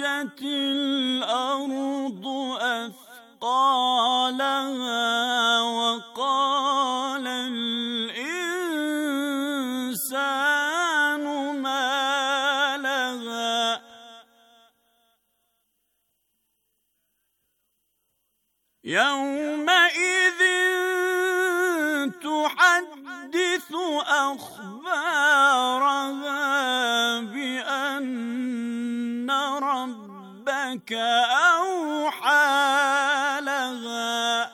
أخرجت الأرض أثقالها ربك أوحى لها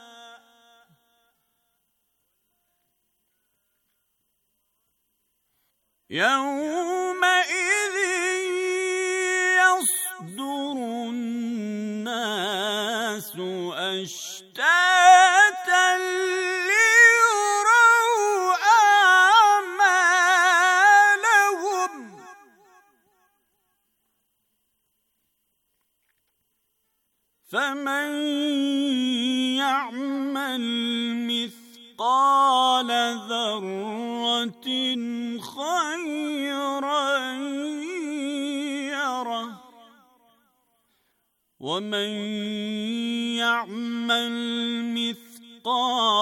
يوم فمن يعمل مثقال ذره خيرا يره ومن يعمل مثقال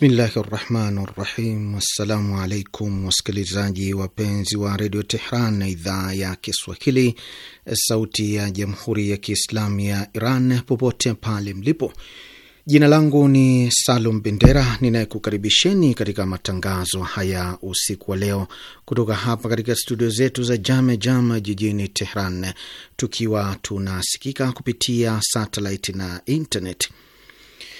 Bismillahi rahmani rahim. Wassalamu alaikum wasikilizaji wapenzi wa redio Tehran na idhaa ya Kiswahili, sauti ya jamhuri ya kiislamu ya Iran, popote pale mlipo. Jina langu ni Salum Bendera ninayekukaribisheni katika matangazo haya usiku wa leo kutoka hapa katika studio zetu za Jame Jama jijini Tehran, tukiwa tunasikika kupitia satelit na internet.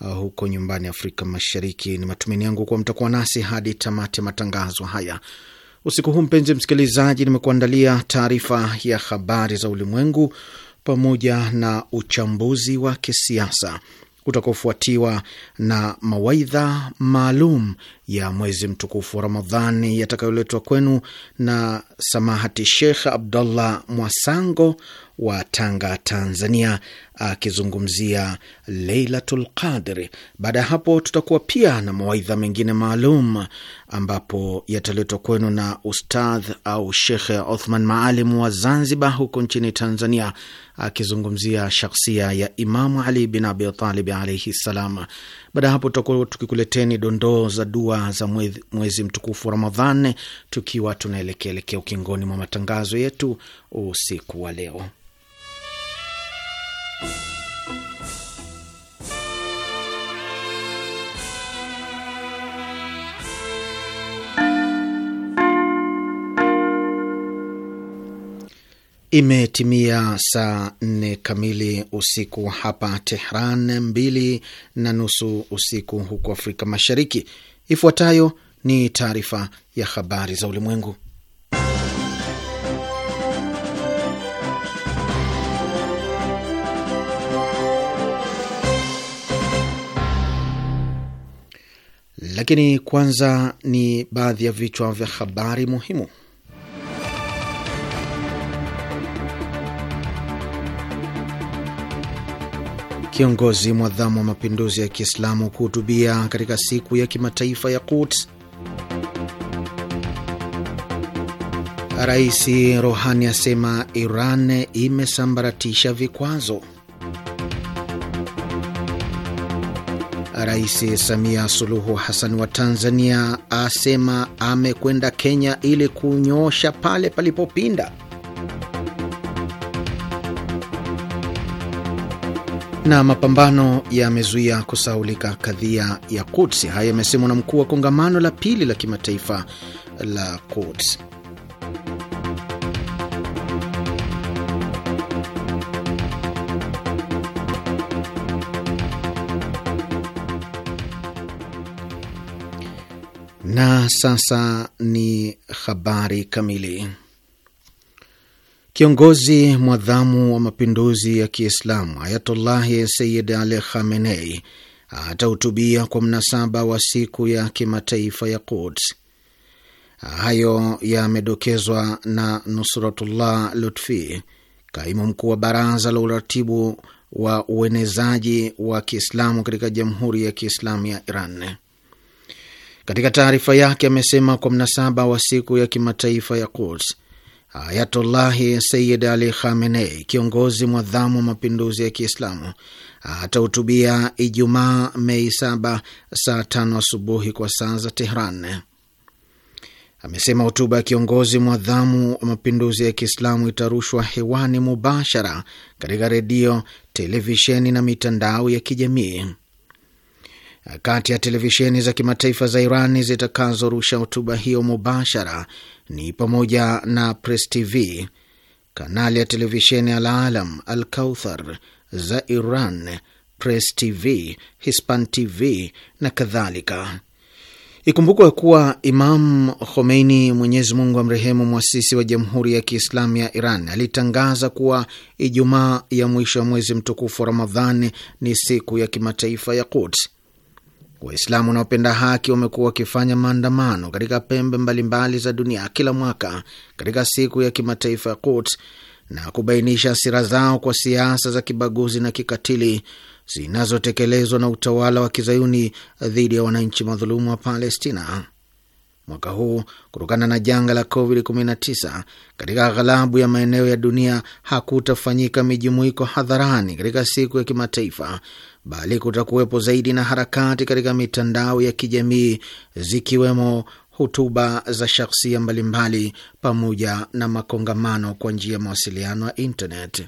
uh, huko nyumbani Afrika Mashariki. Ni matumaini yangu kuwa mtakuwa nasi hadi tamati matangazo haya usiku huu. Mpenzi msikilizaji, nimekuandalia taarifa ya habari za ulimwengu pamoja na uchambuzi wa kisiasa utakaofuatiwa na mawaidha maalum ya mwezi mtukufu wa Ramadhani yatakayoletwa kwenu na samahati Sheikh Abdullah Mwasango wa Tanga, Tanzania, akizungumzia Lailatul Qadri. Baada ya hapo, tutakuwa pia na mawaidha mengine maalum ambapo yataletwa kwenu na ustadh au Shekhe Othman Maalim wa Zanzibar huko nchini Tanzania, akizungumzia shakhsia ya Imamu Ali bin Abi Talib alaihi ssalam. Baada ya hapo, tutakuwa tukikuleteni dondoo za dua za mwezi, mwezi mtukufu wa Ramadhan, tukiwa tunaelekeelekea ukingoni mwa matangazo yetu usiku wa leo. Imetimia saa nne kamili usiku hapa Tehran, mbili na nusu usiku huku Afrika Mashariki. Ifuatayo ni taarifa ya habari za ulimwengu Lakini kwanza ni baadhi ya vichwa vya habari muhimu. Kiongozi mwadhamu wa mapinduzi ya Kiislamu kuhutubia katika siku ya kimataifa ya Quds. Rais Rohani asema Iran imesambaratisha vikwazo. Rais Samia Suluhu Hassan wa Tanzania asema amekwenda Kenya ili kunyoosha pale palipopinda. Na mapambano yamezuia kusaulika kadhia ya Quds. Haya yamesemwa na mkuu wa kongamano la pili la kimataifa la Quds. sasa ni habari kamili. Kiongozi mwadhamu wa mapinduzi ya Kiislamu Ayatullahi Sayyid Ali Khamenei atahutubia kwa mnasaba wa siku ya kimataifa ya Quds. Hayo yamedokezwa na Nusratullah Lutfi, kaimu mkuu wa baraza la uratibu wa uenezaji wa Kiislamu katika Jamhuri ya Kiislamu ya Iran. Katika taarifa yake amesema kwa mnasaba wa siku ya kimataifa ya Quds, Ayatullahi Sayid Ali Khamenei, kiongozi mwadhamu wa mapinduzi ya Kiislamu, atahutubia Ijumaa Mei 7 saa tano asubuhi kwa saa za Tehran. Amesema hotuba ya kiongozi mwadhamu wa mapinduzi ya Kiislamu itarushwa hewani mubashara katika redio, televisheni na mitandao ya kijamii. Kati ya televisheni za kimataifa za Iran zitakazorusha hotuba hiyo mubashara ni pamoja na Press TV, kanali ya televisheni Al Alam, Al Kauthar za Iran, Press TV, Hispan TV na kadhalika. Ikumbukwe kuwa Imam Khomeini, Mwenyezi Mungu amrehemu, mwasisi wa Jamhuri ya Kiislamu ya Iran, alitangaza kuwa Ijumaa ya mwisho wa mwezi mtukufu wa Ramadhani ni siku ya kimataifa ya Quds. Waislamu wanaopenda haki wamekuwa wakifanya maandamano katika pembe mbalimbali za dunia kila mwaka katika siku ya kimataifa ya Quds na kubainisha hasira zao kwa siasa za kibaguzi na kikatili zinazotekelezwa na utawala wa kizayuni dhidi ya wananchi madhulumu wa Palestina. Mwaka huu kutokana na janga la COVID-19 katika ghalabu ya maeneo ya dunia hakutafanyika mijumuiko hadharani katika siku ya kimataifa bali kutakuwepo zaidi na harakati katika mitandao ya kijamii zikiwemo hotuba za shakhsia mbalimbali pamoja na makongamano kwa njia ya mawasiliano ya internet.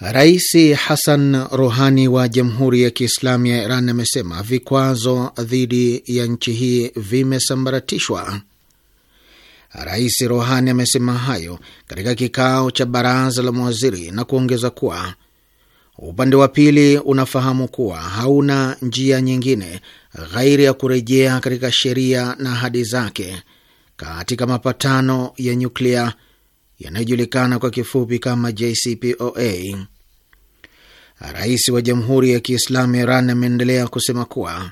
Rais Hassan Rohani wa Jamhuri ya Kiislamu ya Iran amesema vikwazo dhidi ya nchi hii vimesambaratishwa. Rais Rohani amesema hayo katika kikao cha baraza la mawaziri na kuongeza kuwa upande wa pili unafahamu kuwa hauna njia nyingine ghairi ya kurejea katika sheria na ahadi zake katika mapatano ya nyuklia yanayojulikana kwa kifupi kama JCPOA. Rais wa Jamhuri ya Kiislamu Iran ameendelea kusema kuwa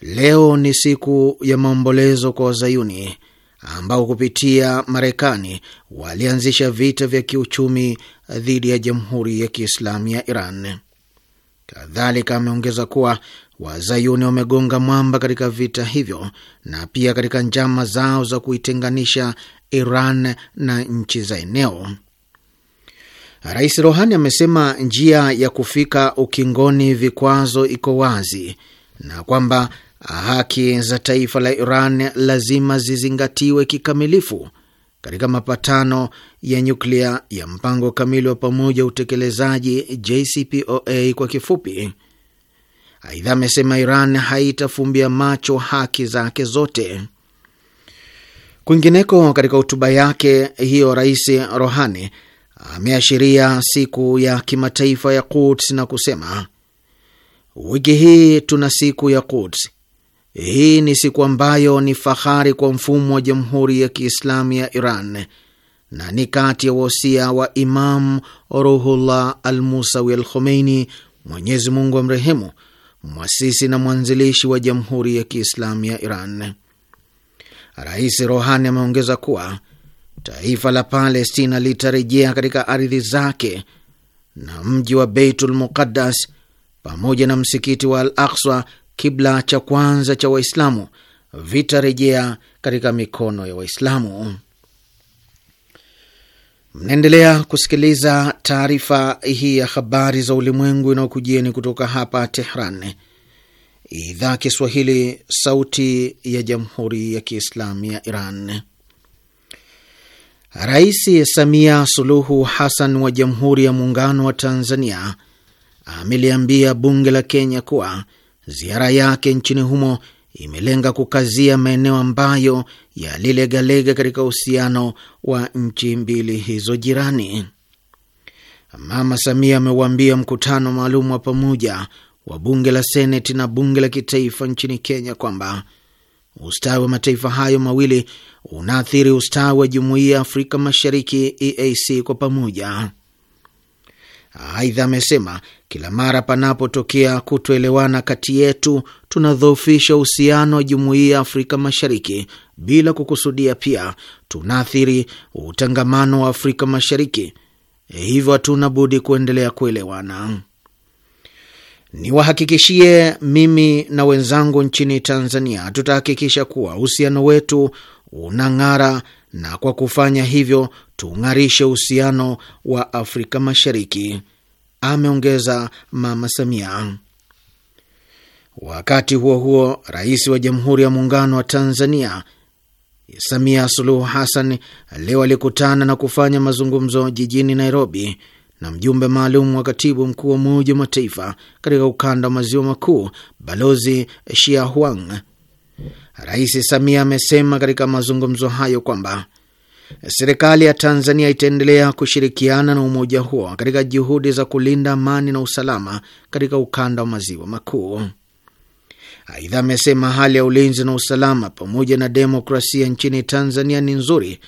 leo ni siku ya maombolezo kwa Wazayuni ambao kupitia Marekani walianzisha vita vya kiuchumi dhidi ya Jamhuri ya Kiislamu ya Iran. Kadhalika ameongeza kuwa Wazayuni wamegonga mwamba katika vita hivyo na pia katika njama zao za kuitenganisha Iran na nchi za eneo. Rais Rohani amesema njia ya kufika ukingoni vikwazo iko wazi na kwamba haki za taifa la Iran lazima zizingatiwe kikamilifu katika mapatano ya nyuklia ya mpango kamili wa pamoja utekelezaji JCPOA kwa kifupi. Aidha, amesema Iran haitafumbia macho haki zake zote. Kwingineko, katika hotuba yake hiyo, Rais Rohani ameashiria siku ya kimataifa ya Quds na kusema wiki hii tuna siku ya Quds hii ni siku ambayo ni fahari kwa mfumo wa Jamhuri ya Kiislamu ya Iran na ni kati ya wasia wa Imam Ruhullah al Musawi al Khomeini, Mwenyezi Mungu mrehemu, mwasisi na mwanzilishi wa Jamhuri ya Kiislamu ya Iran. Rais Rohani ameongeza kuwa taifa la Palestina litarejea katika ardhi zake na mji wa Beitul Muqaddas pamoja na msikiti wa Al Aqsa kibla cha kwanza cha Waislamu vitarejea katika mikono ya Waislamu. Mnaendelea kusikiliza taarifa hii ya habari za ulimwengu inayokujieni kutoka hapa Tehran, idhaa Kiswahili, sauti ya jamhuri ya kiislamu ya Iran. Rais Samia Suluhu Hassan wa Jamhuri ya Muungano wa Tanzania ameliambia bunge la Kenya kuwa Ziara yake nchini humo imelenga kukazia maeneo ambayo yalilegalega katika uhusiano wa nchi mbili hizo jirani. Mama Samia amewambia mkutano maalum wa pamoja wa bunge la seneti na bunge la kitaifa nchini Kenya kwamba ustawi wa mataifa hayo mawili unaathiri ustawi wa jumuiya ya Afrika Mashariki, EAC, kwa pamoja. Aidha amesema kila mara panapotokea kutoelewana kati yetu, tunadhoofisha uhusiano wa jumuiya ya Afrika Mashariki bila kukusudia. Pia tunaathiri utangamano wa Afrika Mashariki. Eh, hivyo hatuna budi kuendelea kuelewana. Niwahakikishie, mimi na wenzangu nchini Tanzania tutahakikisha kuwa uhusiano wetu unang'ara, na kwa kufanya hivyo tung'arishe uhusiano wa Afrika Mashariki ameongeza Mama Samia. Wakati huo huo, rais wa Jamhuri ya Muungano wa Tanzania Samia Suluhu Hassan leo alikutana na kufanya mazungumzo jijini Nairobi na mjumbe maalum wa katibu mkuu wa Umoja wa Mataifa katika ukanda wa maziwa makuu Balozi Shia Huang. Rais Samia amesema katika mazungumzo hayo kwamba Serikali ya Tanzania itaendelea kushirikiana na umoja huo katika juhudi za kulinda amani na usalama katika ukanda wa maziwa makuu. Aidha, amesema hali ya ulinzi na usalama pamoja na demokrasia nchini Tanzania ni nzuri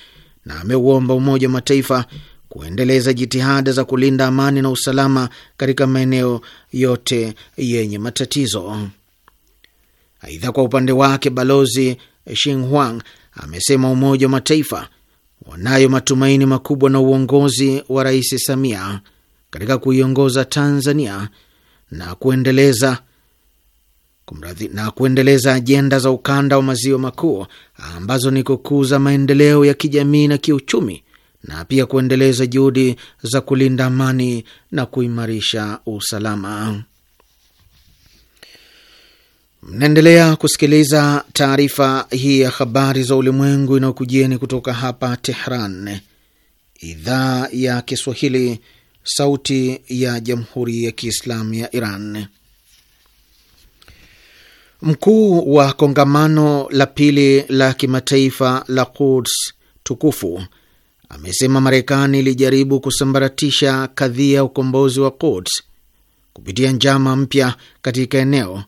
na ameuomba Umoja wa Mataifa kuendeleza jitihada za kulinda amani na usalama katika maeneo yote yenye matatizo. Aidha, kwa upande wake Balozi Xinhuang amesema Umoja wa Mataifa wanayo matumaini makubwa na uongozi wa Rais Samia katika kuiongoza Tanzania na kuendeleza kumradhi, na kuendeleza ajenda za ukanda wa maziwa makuu ambazo ni kukuza maendeleo ya kijamii na kiuchumi na pia kuendeleza juhudi za kulinda amani na kuimarisha usalama. Mnaendelea kusikiliza taarifa hii ya habari za ulimwengu inayokujieni kutoka hapa Tehran, idhaa ya Kiswahili, sauti ya jamhuri ya kiislamu ya Iran. Mkuu wa kongamano la pili la kimataifa la Quds tukufu amesema Marekani ilijaribu kusambaratisha kadhia ya ukombozi wa Quds kupitia njama mpya katika eneo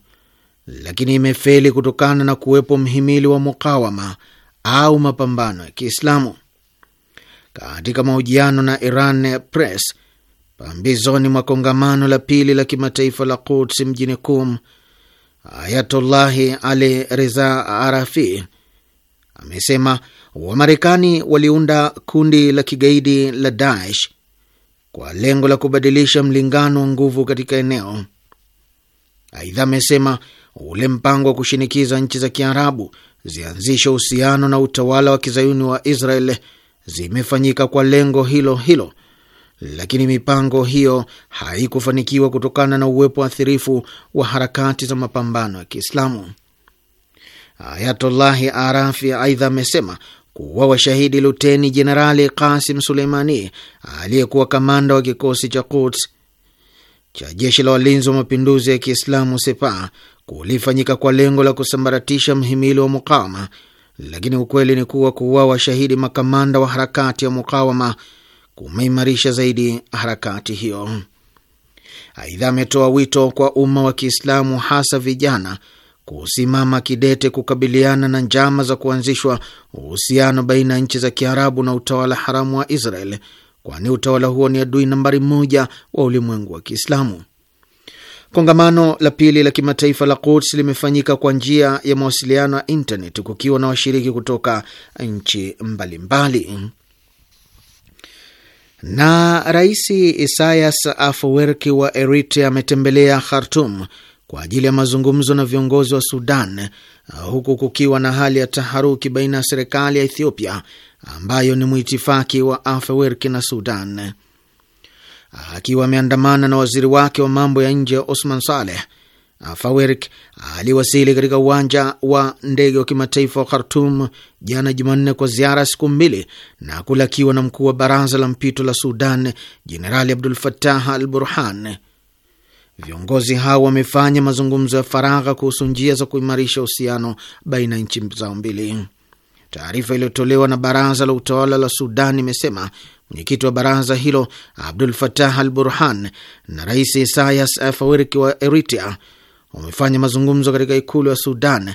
lakini imefeli kutokana na kuwepo mhimili wa mukawama au mapambano ya Kiislamu. Katika mahojiano na Iran Press pambizoni mwa kongamano la pili la kimataifa la Quds mjini Kum, Ayatullahi Ali Reza Arafi amesema Wamarekani waliunda kundi la kigaidi la Daesh kwa lengo la kubadilisha mlingano wa nguvu katika eneo. Aidha amesema ule mpango wa kushinikiza nchi za Kiarabu zianzishe uhusiano na utawala wa kizayuni wa Israel zimefanyika kwa lengo hilo hilo, lakini mipango hiyo haikufanikiwa kutokana na uwepo athirifu wa harakati za mapambano ya Kiislamu. Ayatullahi Arafi aidha amesema kuwa washahidi Luteni Jenerali Kasim Suleimani aliyekuwa kamanda wa kikosi cha Quds cha jeshi la walinzi wa mapinduzi ya Kiislamu Sepah kulifanyika kwa lengo la kusambaratisha mhimili wa mukawama, lakini ukweli ni kuwa kuuawa shahidi makamanda wa harakati ya mukawama kumeimarisha zaidi harakati hiyo. Aidha, ametoa wito kwa umma wa Kiislamu, hasa vijana, kusimama kidete kukabiliana na njama za kuanzishwa uhusiano baina ya nchi za Kiarabu na utawala haramu wa Israel, kwani utawala huo ni adui nambari moja wa ulimwengu wa Kiislamu. Kongamano la pili la kimataifa la Quds limefanyika kwa njia ya mawasiliano ya intaneti kukiwa na washiriki kutoka nchi mbalimbali. Na Rais Isayas Afwerki wa Eritrea ametembelea Khartum kwa ajili ya mazungumzo na viongozi wa Sudan, huku kukiwa na hali ya taharuki baina ya serikali ya Ethiopia ambayo ni mwitifaki wa Afwerki na Sudan akiwa ameandamana na waziri wake wa mambo ya nje Osman Saleh, Fawerk aliwasili katika uwanja wa ndege wa kimataifa wa Khartum jana Jumanne kwa ziara ya siku mbili na kulakiwa na mkuu wa baraza la mpito la Sudan, Jenerali Abdul fatah al Burhan. Viongozi hao wamefanya mazungumzo ya faragha kuhusu njia za kuimarisha uhusiano baina ya nchi zao mbili. Taarifa iliyotolewa na baraza la utawala la Sudan imesema mwenyekiti wa baraza hilo Abdul Fatah al Burhan na rais Isayas Afwerki wa Eritrea wamefanya mazungumzo katika ikulu ya Sudan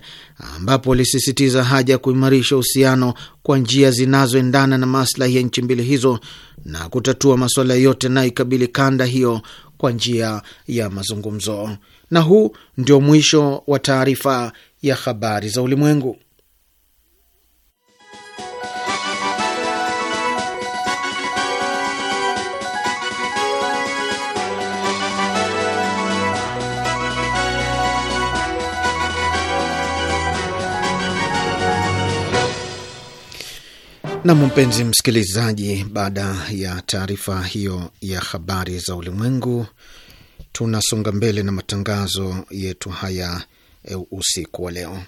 ambapo walisisitiza haja ya kuimarisha uhusiano kwa njia zinazoendana na maslahi ya nchi mbili hizo na kutatua masuala yote yanayoikabili kanda hiyo kwa njia ya mazungumzo. Na huu ndio mwisho wa taarifa ya habari za ulimwengu. Nam, mpenzi msikilizaji, baada ya taarifa hiyo ya habari za ulimwengu, tunasonga mbele na matangazo yetu haya eh, usiku wa leo.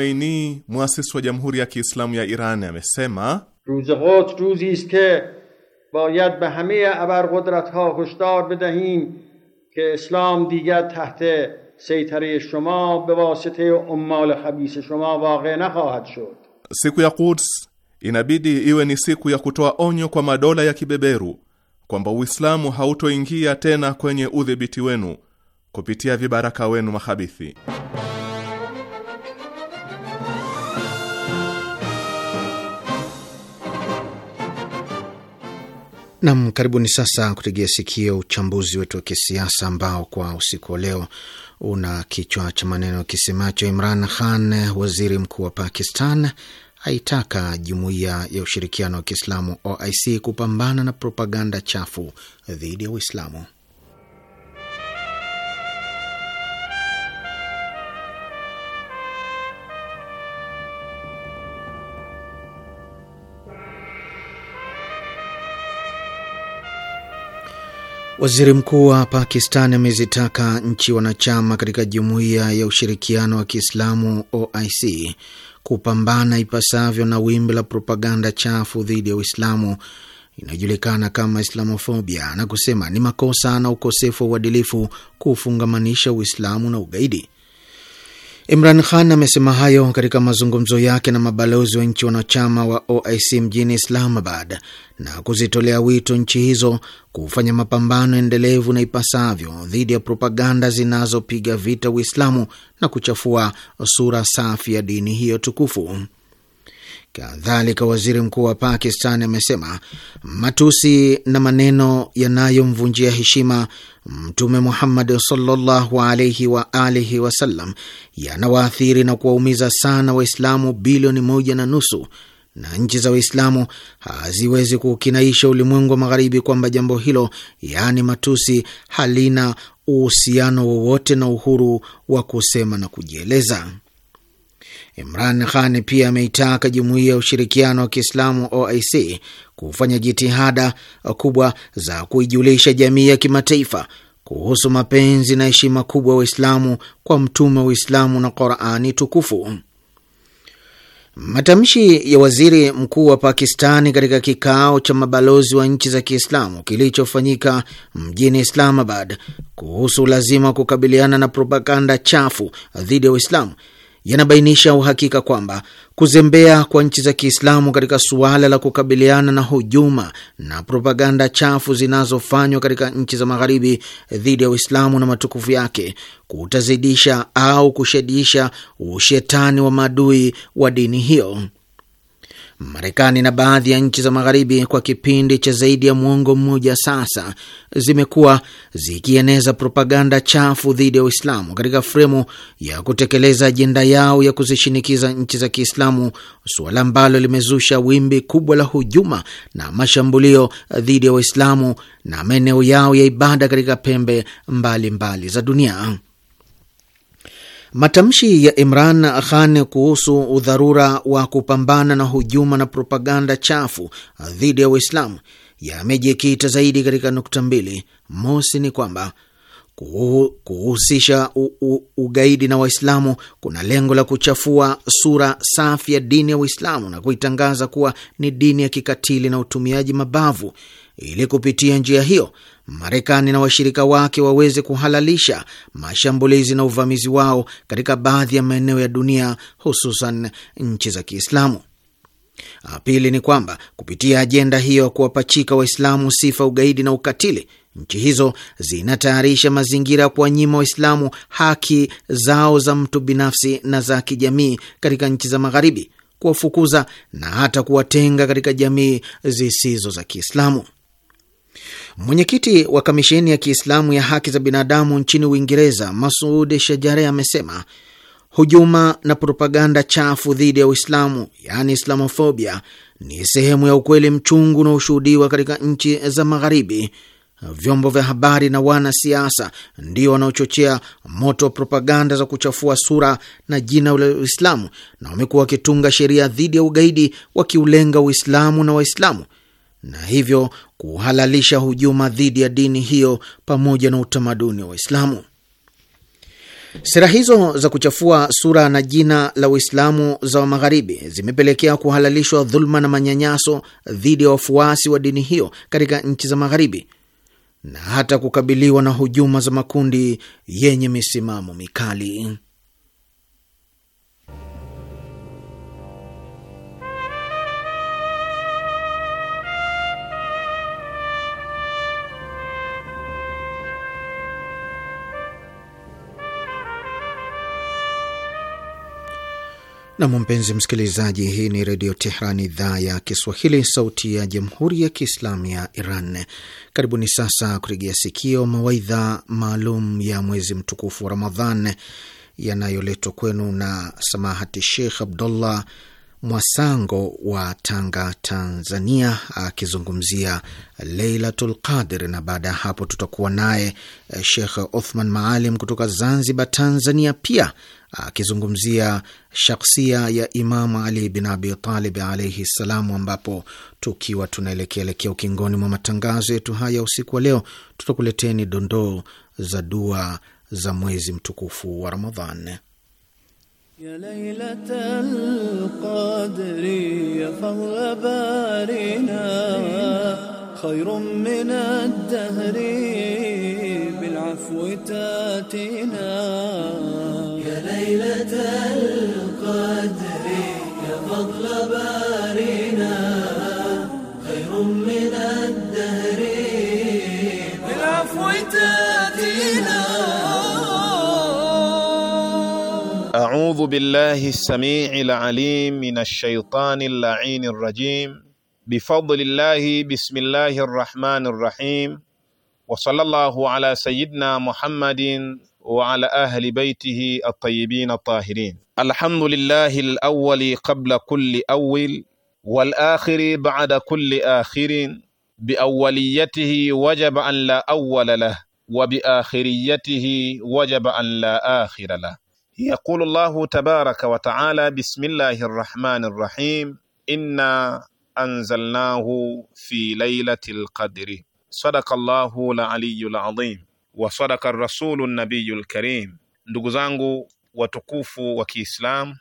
Khomeini, muasisi wa Jamhuri ya Kiislamu ya Iran, amesema ruze Quds ruzist ke bayad be hame abarqudratha hushdar bedahim ke islam digar tahte seitare shoma be wasite ummal khabis shoma waqi nakhahad shud. Siku ya Quds inabidi iwe ni siku ya kutoa onyo kwa madola ya kibeberu kwamba Uislamu hautoingia tena kwenye udhibiti wenu kupitia vibaraka wenu mahabithi. Nam, karibuni sasa kutegea sikio uchambuzi wetu wa kisiasa ambao kwa usiku wa leo una kichwa cha maneno kisemacho Imran Khan, waziri mkuu wa Pakistan, aitaka jumuiya ya ushirikiano wa Kiislamu OIC kupambana na propaganda chafu dhidi ya Uislamu. Waziri mkuu wa Pakistan amezitaka nchi wanachama katika jumuiya ya ushirikiano wa Kiislamu OIC kupambana ipasavyo na wimbi la propaganda chafu dhidi ya Uislamu inayojulikana kama Islamofobia na kusema ni makosa na ukosefu wa uadilifu kufungamanisha Uislamu na ugaidi. Imran Khan amesema hayo katika mazungumzo yake na mabalozi wa nchi wanachama wa OIC mjini Islamabad na kuzitolea wito nchi hizo kufanya mapambano endelevu na ipasavyo dhidi ya propaganda zinazopiga vita Uislamu na kuchafua sura safi ya dini hiyo tukufu. Kadhalika, waziri mkuu wa Pakistan amesema matusi na maneno yanayomvunjia heshima Mtume Muhammad sallallahu alaihi wa alihi wasallam yanawaathiri na kuwaumiza sana Waislamu bilioni moja na nusu na nchi za Waislamu haziwezi kukinaisha ulimwengu wa Magharibi kwamba jambo hilo, yaani matusi, halina uhusiano wowote na uhuru wa kusema na kujieleza. Imran Khan pia ameitaka Jumuiya ya Ushirikiano wa Kiislamu OIC kufanya jitihada kubwa za kuijulisha jamii ya kimataifa kuhusu mapenzi na heshima kubwa Waislamu kwa mtume wa Uislamu na Qorani tukufu. Matamshi ya waziri mkuu wa Pakistani katika kikao cha mabalozi wa nchi za Kiislamu kilichofanyika mjini Islamabad kuhusu lazima kukabiliana na propaganda chafu dhidi ya Waislamu yanabainisha uhakika kwamba kuzembea kwa nchi za Kiislamu katika suala la kukabiliana na hujuma na propaganda chafu zinazofanywa katika nchi za Magharibi dhidi ya Uislamu na matukufu yake kutazidisha au kushadisha ushetani wa maadui wa dini hiyo. Marekani na baadhi ya nchi za Magharibi kwa kipindi cha zaidi ya mwongo mmoja sasa zimekuwa zikieneza propaganda chafu dhidi ya Uislamu katika fremu ya kutekeleza ajenda yao ya kuzishinikiza nchi za Kiislamu, suala ambalo limezusha wimbi kubwa la hujuma na mashambulio dhidi ya Waislamu na maeneo yao ya ibada katika pembe mbalimbali mbali za dunia. Matamshi ya Imran Khan kuhusu udharura wa kupambana na hujuma na propaganda chafu dhidi ya Uislamu yamejikita zaidi katika nukta mbili. Mosi ni kwamba kuhusisha ugaidi na Waislamu kuna lengo la kuchafua sura safi ya dini ya Uislamu na kuitangaza kuwa ni dini ya kikatili na utumiaji mabavu ili kupitia njia hiyo Marekani na washirika wake waweze kuhalalisha mashambulizi na uvamizi wao katika baadhi ya maeneo ya dunia, hususan nchi za Kiislamu. Ah, pili ni kwamba kupitia ajenda hiyo ya kuwapachika Waislamu sifa ugaidi na ukatili, nchi hizo zinatayarisha mazingira ya kuwanyima Waislamu haki zao za mtu binafsi na za kijamii katika nchi za Magharibi, kuwafukuza na hata kuwatenga katika jamii zisizo za Kiislamu. Mwenyekiti wa kamisheni ya Kiislamu ya haki za binadamu nchini Uingereza, Masud Shajare, amesema hujuma na propaganda chafu dhidi ya Uislamu, yaani Islamofobia, ni sehemu ya ukweli mchungu unaoshuhudiwa katika nchi za Magharibi. Vyombo vya habari na wanasiasa ndio wanaochochea moto wa propaganda za kuchafua sura na jina la Uislamu, na wamekuwa wakitunga sheria dhidi ya ugaidi wakiulenga Uislamu na Waislamu na hivyo kuhalalisha hujuma dhidi ya dini hiyo pamoja na utamaduni wa Waislamu. Sera hizo za kuchafua sura na jina la Uislamu za Magharibi zimepelekea kuhalalishwa dhuluma na manyanyaso dhidi ya wafuasi wa dini hiyo katika nchi za Magharibi na hata kukabiliwa na hujuma za makundi yenye misimamo mikali. Nam, mpenzi msikilizaji, hii ni Redio Tehran, idhaa ya Kiswahili, sauti ya Jamhuri ya Kiislamu ya Iran. Karibuni sasa kurejea sikio mawaidha maalum ya mwezi mtukufu wa Ramadhan yanayoletwa kwenu na samahati Sheikh Abdullah Mwasango wa Tanga, Tanzania, akizungumzia Leilatul Qadr, na baada ya hapo tutakuwa naye eh, Shekh Othman Maalim kutoka Zanzibar, Tanzania, pia akizungumzia shakhsia ya Imamu Ali bin Abi Talib alaihi ssalam, ambapo tukiwa tunaelekea elekea ukingoni mwa matangazo yetu haya usiku wa leo, tutakuleteni dondoo za dua za mwezi mtukufu wa Ramadhan. يا ليلة القدر يا فضل بارنا خير من الدهر بالعفو تاتنا أعوذ بالله السميع العليم من الشيطان اللعين الرجيم بفضل الله بسم الله الرحمن الرحيم وصلى الله على سيدنا محمد وعلى أهل بيته الطيبين الطاهرين الحمد لله الأول قبل كل أول والآخر بعد كل آخر بأوليته وجب أن لا أول له وبآخريته وجب أن لا آخر له يقول الله تبارك وتعالى بسم الله الرحمن الرحيم إنا أنزلناه في ليلة القدر صدق الله العلي العظيم وصدق الرسول النبي الكريم ndugu zangu watukufu wa Kiislamu,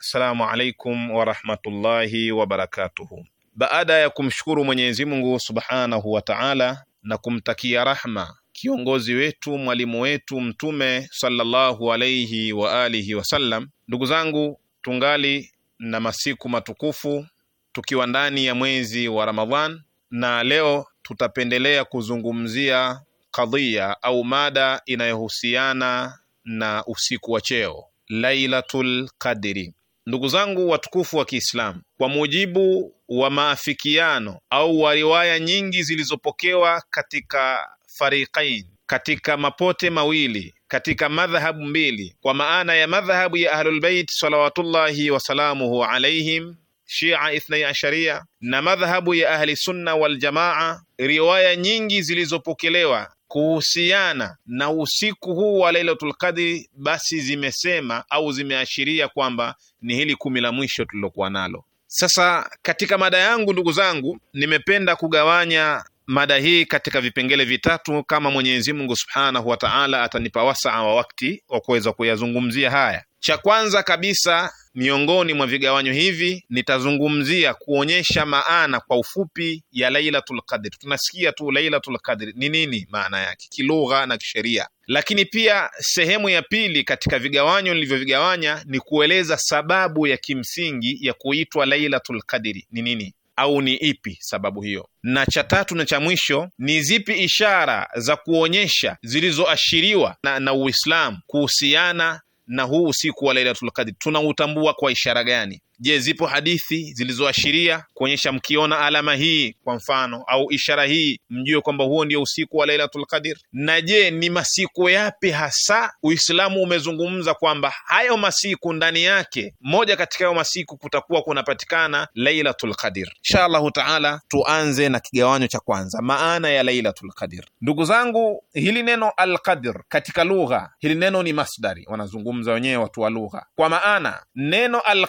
assalamu alaikum warahmatullahi wabarakatuhu. Baada ya kumshukuru Mwenyezi Mungu subhanahu wa taala na kumtakia rahma kiongozi wetu, mwalimu wetu, Mtume sallallahu alaihi wa alihi wasallam. Ndugu zangu, tungali na masiku matukufu tukiwa ndani ya mwezi wa Ramadhan, na leo tutapendelea kuzungumzia kadhia au mada inayohusiana na usiku wa cheo, Lailatul Qadri. Ndugu zangu watukufu wa Kiislamu, kwa mujibu wa maafikiano au wa riwaya nyingi zilizopokewa katika fariqain, katika mapote mawili, katika madhhabu mbili, kwa maana ya madhhabu ya Ahlulbeit salawatullahi wasalamuhu alaihim Shia Ithnai Asharia na madhhabu ya Ahli Sunna wal Jamaa. Riwaya nyingi zilizopokelewa kuhusiana na usiku huu wa Lailatul Qadri basi zimesema au zimeashiria kwamba ni hili kumi la mwisho tulilokuwa nalo. Sasa katika mada yangu, ndugu zangu, nimependa kugawanya mada hii katika vipengele vitatu, kama Mwenyezi Mungu Subhanahu wa Ta'ala atanipa wasaa wa wakati wa kuweza kuyazungumzia haya. Cha kwanza kabisa miongoni mwa vigawanyo hivi nitazungumzia kuonyesha maana kwa ufupi ya Lailatul Qadr. Tunasikia tu Lailatul Qadr ni nini, maana yake kilugha na kisheria, lakini pia sehemu ya pili katika vigawanyo nilivyovigawanya ni kueleza sababu ya kimsingi ya kuitwa Lailatul Qadr ni nini au ni ipi sababu hiyo? Na cha tatu na cha mwisho ni zipi ishara za kuonyesha zilizoashiriwa na, na Uislamu kuhusiana na huu usiku wa Lailatul Qadr, tunautambua kwa ishara gani? Je, zipo hadithi zilizoashiria kuonyesha mkiona alama hii kwa mfano au ishara hii mjue kwamba huo ndio usiku wa Lailatul Qadr? Na je, ni masiku yapi hasa Uislamu umezungumza kwamba hayo masiku ndani yake, moja katika hayo masiku kutakuwa kunapatikana Lailatul Qadr? Insha Allahu taala tuanze na kigawanyo cha kwanza, maana ya Lailatul Qadr. Ndugu zangu, hili neno al katika lugha, hili neno ni masdari, wanazungumza wenyewe watu wa lugha, kwa maana neno al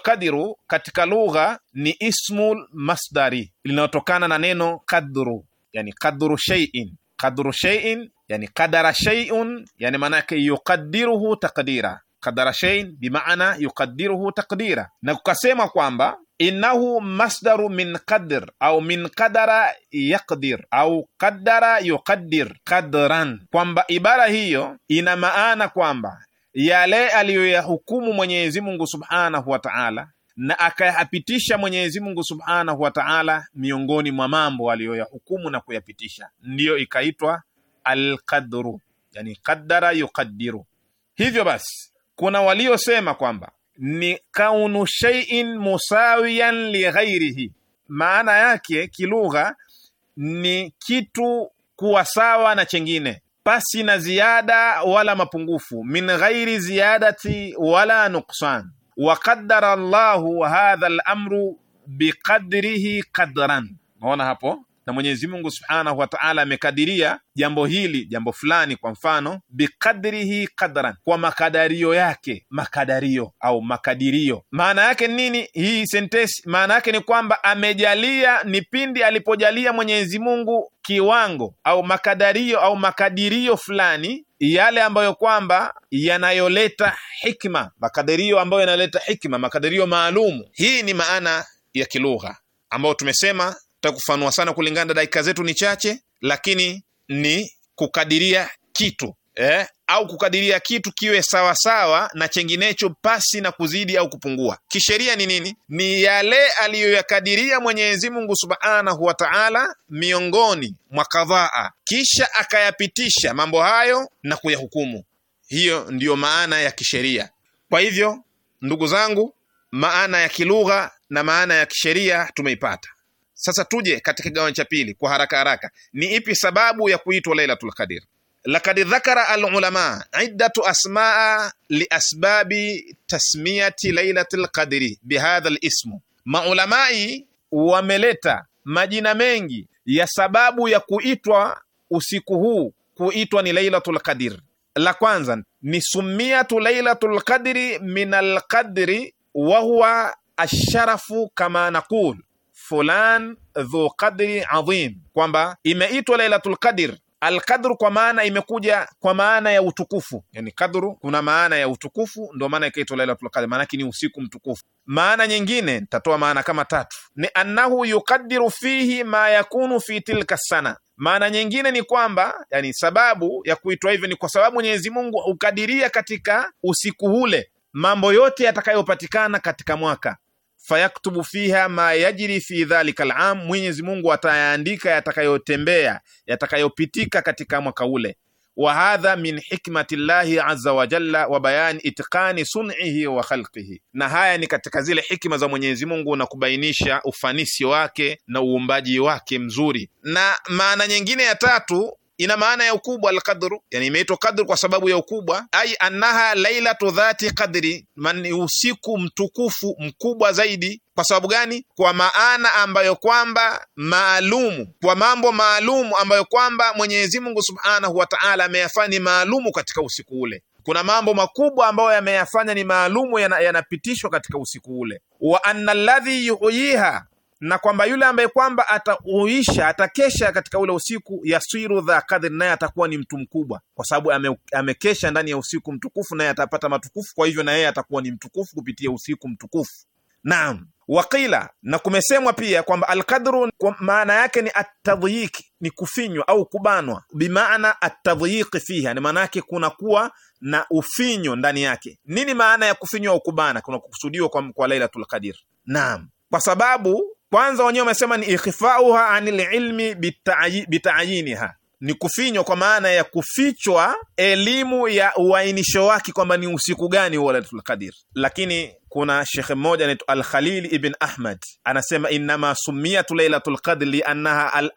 katika lugha ni ismul masdari linalotokana na neno kadru, yani kadru shay'in, kadru shay'in yani kadara shay'un, yani maana yake yuqaddiruhu taqdira, kadara shay'in bimaana yuqaddiruhu taqdira, na kukasema kwamba innahu masdaru min qadr au min qadara yaqdir au qaddara yuqaddir qadran, kwamba ibara hiyo ina maana kwamba yale aliyoyahukumu Mwenyezi Mungu subhanahu wa Ta'ala na akayapitisha Mwenyezi Mungu Subhanahu wa Ta'ala miongoni mwa mambo aliyoyahukumu na kuyapitisha, ndiyo ikaitwa alqadru, yani qaddara yuqaddiru. Hivyo basi kuna waliosema kwamba ni kaunu shay'in musawiyan li ghairihi, maana yake kilugha ni kitu kuwa sawa na chengine pasi na ziada wala mapungufu, min ghairi ziyadati wala nuksan وقدر الله هذا الامر بقدره قدرا هنا هapo na Mwenyezi Mungu Subhanahu wa Ta'ala amekadiria jambo hili jambo fulani, kwa mfano biqadrihi qadran, kwa makadario yake, makadario au makadirio. Maana yake nini hii sentensi? Maana yake ni kwamba amejalia, ni pindi alipojalia Mwenyezi Mungu kiwango au makadario au makadirio fulani yale ambayo kwamba yanayoleta hikma, makadirio ambayo yanaleta hikma, makadirio maalumu. Hii ni maana ya kilugha ambayo tumesema kufanua sana kulingana na dakika zetu ni chache, lakini ni kukadiria kitu eh, au kukadiria kitu kiwe sawasawa sawa na chenginecho pasi na kuzidi au kupungua. Kisheria ni nini? Ni yale aliyoyakadiria Mwenyezi Mungu Subhanahu wa Ta'ala miongoni mwa kadhaa, kisha akayapitisha mambo hayo na kuyahukumu. Hiyo ndiyo maana ya kisheria. Kwa hivyo, ndugu zangu, maana ya kilugha na maana ya kisheria tumeipata. Sasa tuje katika kigawanyo cha pili kwa haraka haraka, ni ipi sababu ya kuitwa Lailatul lqadir Lakad dhakara alulama iddatu asmaa liasbabi tasmiyati Lailatul Qadri bihadha lismu, maulamai wameleta majina mengi ya sababu ya kuitwa usiku huu kuitwa ni Lailatul lqadir La kwanza ni sumiyatu Lailatul Qadri min alqadri wa huwa asharafu kama naqul fulan dhu qadri adhim, kwamba imeitwa Lailatul Qadr Alqadru kwa maana imekuja kwa maana ya utukufu, yani qadru kuna maana ya utukufu, ndio maana ikaitwa Lailatul Qadr, maanake ni usiku mtukufu. Maana nyingine nitatoa maana kama tatu, ni annahu yuqaddiru fihi ma yakunu fi tilka sana. Maana nyingine ni kwamba, yani sababu ya kuitwa hivyo ni kwa sababu Mwenyezi Mungu ukadiria katika usiku ule mambo yote yatakayopatikana katika mwaka fayaktubu fiha ma yajri fi dhalika alam, Mwenyezi Mungu atayaandika yatakayotembea yatakayopitika katika mwaka ule. Wa hadha min hikmati llahi azza wa jalla wa bayani itqani sun'ihi wa khalqihi, na haya ni katika zile hikma za Mwenyezi Mungu na kubainisha ufanisi wake na uumbaji wake mzuri. Na maana nyingine ya tatu ina maana ya ukubwa alqadru, yani imeitwa qadru kwa sababu ya ukubwa. Ai annaha lailatu dhati qadri, ni usiku mtukufu mkubwa zaidi. Kwa sababu gani? Kwa maana ambayo kwamba maalumu, kwa mambo maalumu ambayo kwamba Mwenyezi Mungu Subhanahu wa Ta'ala ameyafanya maalumu katika usiku ule kuna mambo makubwa ambayo yameyafanya ni maalumu yanapitishwa yana katika usiku ule. wa anna alladhi yuhyiha, na kwamba yule ambaye kwamba atauisha atakesha katika ule usiku, yasiru dha kadhir, naye atakuwa ni mtu mkubwa, kwa sababu ame, amekesha ndani ya usiku mtukufu, naye atapata matukufu. Kwa hivyo na yeye atakuwa ni mtukufu kupitia usiku mtukufu. Naam, waqila, na kumesemwa pia kwamba alqadru kwa maana yake ni atadhyiki, ni kufinywa au kubanwa, bimaana atadhyiki fiha, ni maana yake kuna kuwa na ufinyo ndani yake. Nini maana ya kufinywa au kubana? Kuna kukusudiwa kwa, kwa Lailatul qadir. Naam, kwa sababu kwanza wenyewe wamesema ni ikhfauha anil ilmi bitayiniha, ni kufinywa kwa maana ya kufichwa elimu ya uainisho wake kwamba ni usiku gani huo Lailatul Qadr. Lakini kuna shekhe mmoja anaitwa al ibn Ahmad anasema innama sumiyatu Lailatul Qadr liannaha al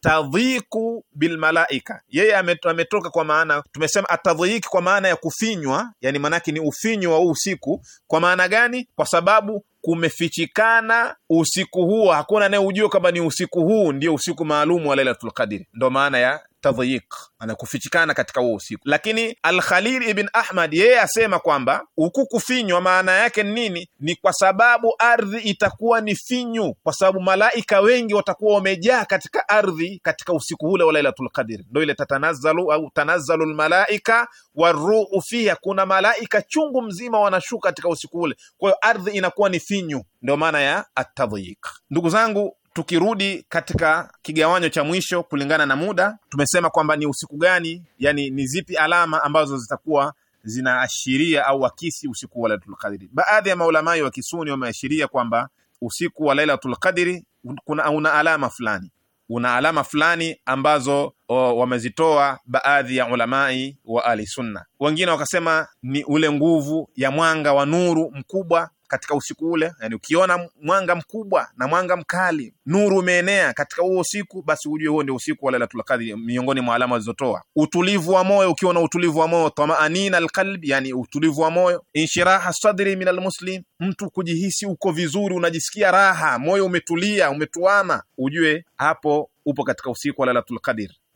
tadhiku bilmalaika, yeye ametoka kwa maana, tumesema atadhiki kwa maana ya kufinywa, yani maanake ni ufinyo wa usiku. Kwa maana gani? Kwa sababu kumefichikana usiku huo, hakuna anayeujua kwamba ni usiku huu ndio usiku maalumu wa Lailatul Ndo maana ya tadhiq, anakufichikana katika huo usiku. Lakini Al-Khalil ibn Ahmad yeye asema kwamba huku kufinywa maana yake ni nini? Ni kwa sababu ardhi itakuwa ni finyu, kwa sababu malaika wengi watakuwa wamejaa katika ardhi katika usiku ule wa Lailatul Qadr. Ndio ile tatanazzalu au tanazzalu lmalaika waruu fiha, kuna malaika chungu mzima wanashuka katika usiku ule. Kwa hiyo ardhi inakuwa ni finyu, ndio maana ya atadhiq. Ndugu zangu tukirudi katika kigawanyo cha mwisho kulingana na muda, tumesema kwamba ni usiku gani, yani ni zipi alama ambazo zitakuwa zinaashiria au akisi usiku wa Lailatul Qadri. Baadhi ya maulamai wa Kisuni wameashiria kwamba usiku wa Lailatul Qadri kuna una alama fulani, una alama fulani ambazo wamezitoa baadhi ya ulamai wa ahli sunna. Wengine wakasema ni ule nguvu ya mwanga wa nuru mkubwa katika usiku ule, yani ukiona mwanga mkubwa na mwanga mkali, nuru umeenea katika huo usiku, basi hujue huo ndio usiku wa lailatulkadhi miongoni mwa alama walizotoa. Utulivu wa moyo, ukiona utulivu wa moyo, tamaanina lqalbi yani utulivu wa moyo. Inshiraha sadri min almuslim, mtu kujihisi uko vizuri, unajisikia raha, moyo umetulia, umetuama, ujue hapo upo katika usiku wa Lailatul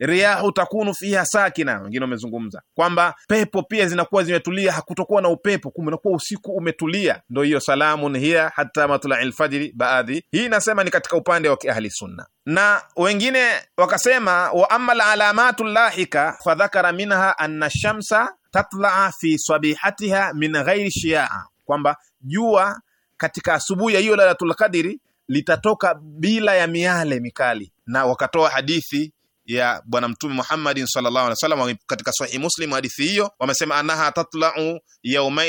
riahu takunu fiha sakina, wengine wamezungumza kwamba pepo pia zinakuwa zimetulia, hakutokuwa na upepo, kumbe unakuwa usiku umetulia. Ndo hiyo salamun hiya hata matla lfajiri. Baadhi hii inasema ni katika upande wa kiahli sunna, na wengine wakasema wa ama lalamatu lahika fadhakara minha anna shamsa tatlaa fi sabihatiha min ghairi shiaa, kwamba jua katika asubuhi ya hiyo Lailatul Qadri litatoka bila ya miale mikali, na wakatoa hadithi ya Bwana Mtume Muhammadin sallallahu alaihi wasallam katika Sahihi Muslim, hadithi hiyo wamesema, anaha tatlau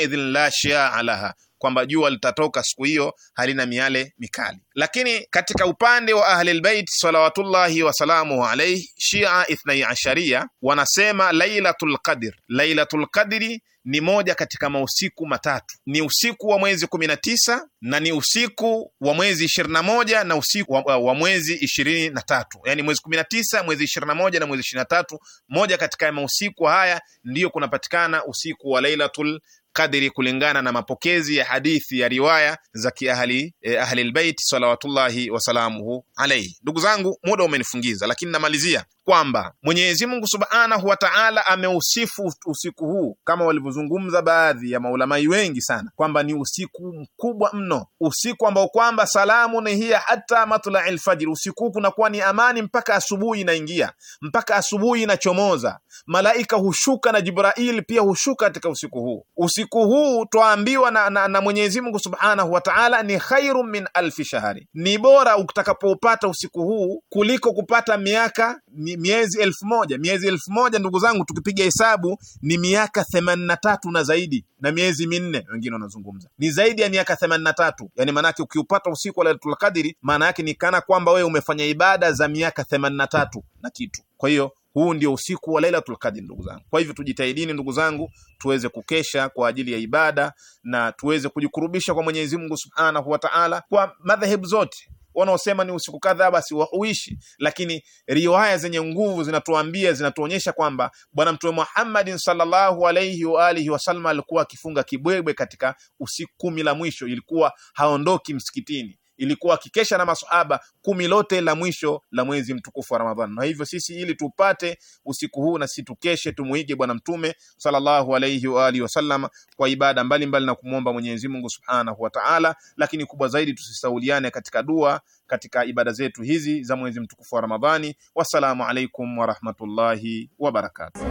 idhin la shiaa laha kwamba jua litatoka siku hiyo halina miale mikali. Lakini katika upande wa Ahlilbeit salawatullahi wasalamuhu alaihi, Shia Ithnai Asharia wanasema Lailatul Qadr, Lailatul Qadri ni moja katika mausiku matatu, ni usiku wa mwezi kumi na tisa na ni usiku wa mwezi ishirini na moja na usiku wa, wa mwezi ishirini na tatu yani mwezi kumi na tisa mwezi ishirini na moja na mwezi ishirini na tatu Moja katika mausiku haya ndiyo kunapatikana usiku wa Lailatul kadiri kulingana na mapokezi ya hadithi ya riwaya za kiahli eh, ahli albayt salawatullahi wasalamuhu alayhi. Ndugu zangu, muda umenifungiza, lakini namalizia kwamba Mwenyezi Mungu Subhanahu wa Ta'ala ameusifu usiku huu kama walivyozungumza baadhi ya maulamai wengi sana kwamba ni usiku mkubwa mno, usiku ambao kwamba salamu ni hiya hata matlai lfajiri, usiku huu kunakuwa ni amani mpaka asubuhi inaingia, mpaka asubuhi inachomoza, malaika hushuka na Jibrail pia hushuka katika usiku huu usiku usiku huu twaambiwa na, na, na Mwenyezi Mungu Subhanahu wa Ta'ala, ni khairu min alfi shahari, ni bora utakapoupata usiku huu kuliko kupata miaka miezi elfu moja. Miezi elfu moja ndugu zangu, tukipiga hesabu ni miaka themanini na tatu na zaidi na miezi minne, wengine wanazungumza ni zaidi ya miaka themanini na tatu. Yani maanake ukiupata usiku wa Lailatul Qadri, maana yake ni kana kwamba wewe umefanya ibada za miaka themanini na tatu na kitu. Kwa hiyo huu ndio usiku wa Lailatul Qadr, ndugu zangu. Kwa hivyo tujitahidini, ndugu zangu, tuweze kukesha kwa ajili ya ibada na tuweze kujikurubisha kwa Mwenyezi Mungu Subhanahu wa Ta'ala, kwa madhehebu zote wanaosema ni usiku kadhaa basi wauishi, lakini riwaya zenye nguvu zinatuambia zinatuonyesha kwamba Bwana Mtume Muhammadin sallallahu alayhi wa alihi wasallam alikuwa akifunga kibwebwe katika usiku kumi la mwisho, ilikuwa haondoki msikitini ilikuwa akikesha na masahaba kumi lote la mwisho la mwezi mtukufu wa Ramadhani. Na hivyo sisi ili tupate usiku huu na sisi tukeshe, tumuige Bwana Mtume sallallahu alayhi wa alihi wasallam kwa ibada mbalimbali mbali na kumwomba Mwenyezi Mungu Subhanahu wa Ta'ala, lakini kubwa zaidi tusisauliane katika dua katika ibada zetu hizi za mwezi mtukufu wa Ramadhani. Wassalamu alaikum wa rahmatullahi wa barakatuh.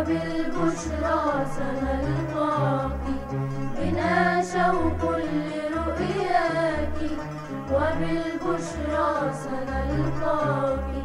وبالبشرى سنلقاك بنا شوق لرؤياك وبالبشرى سنلقاك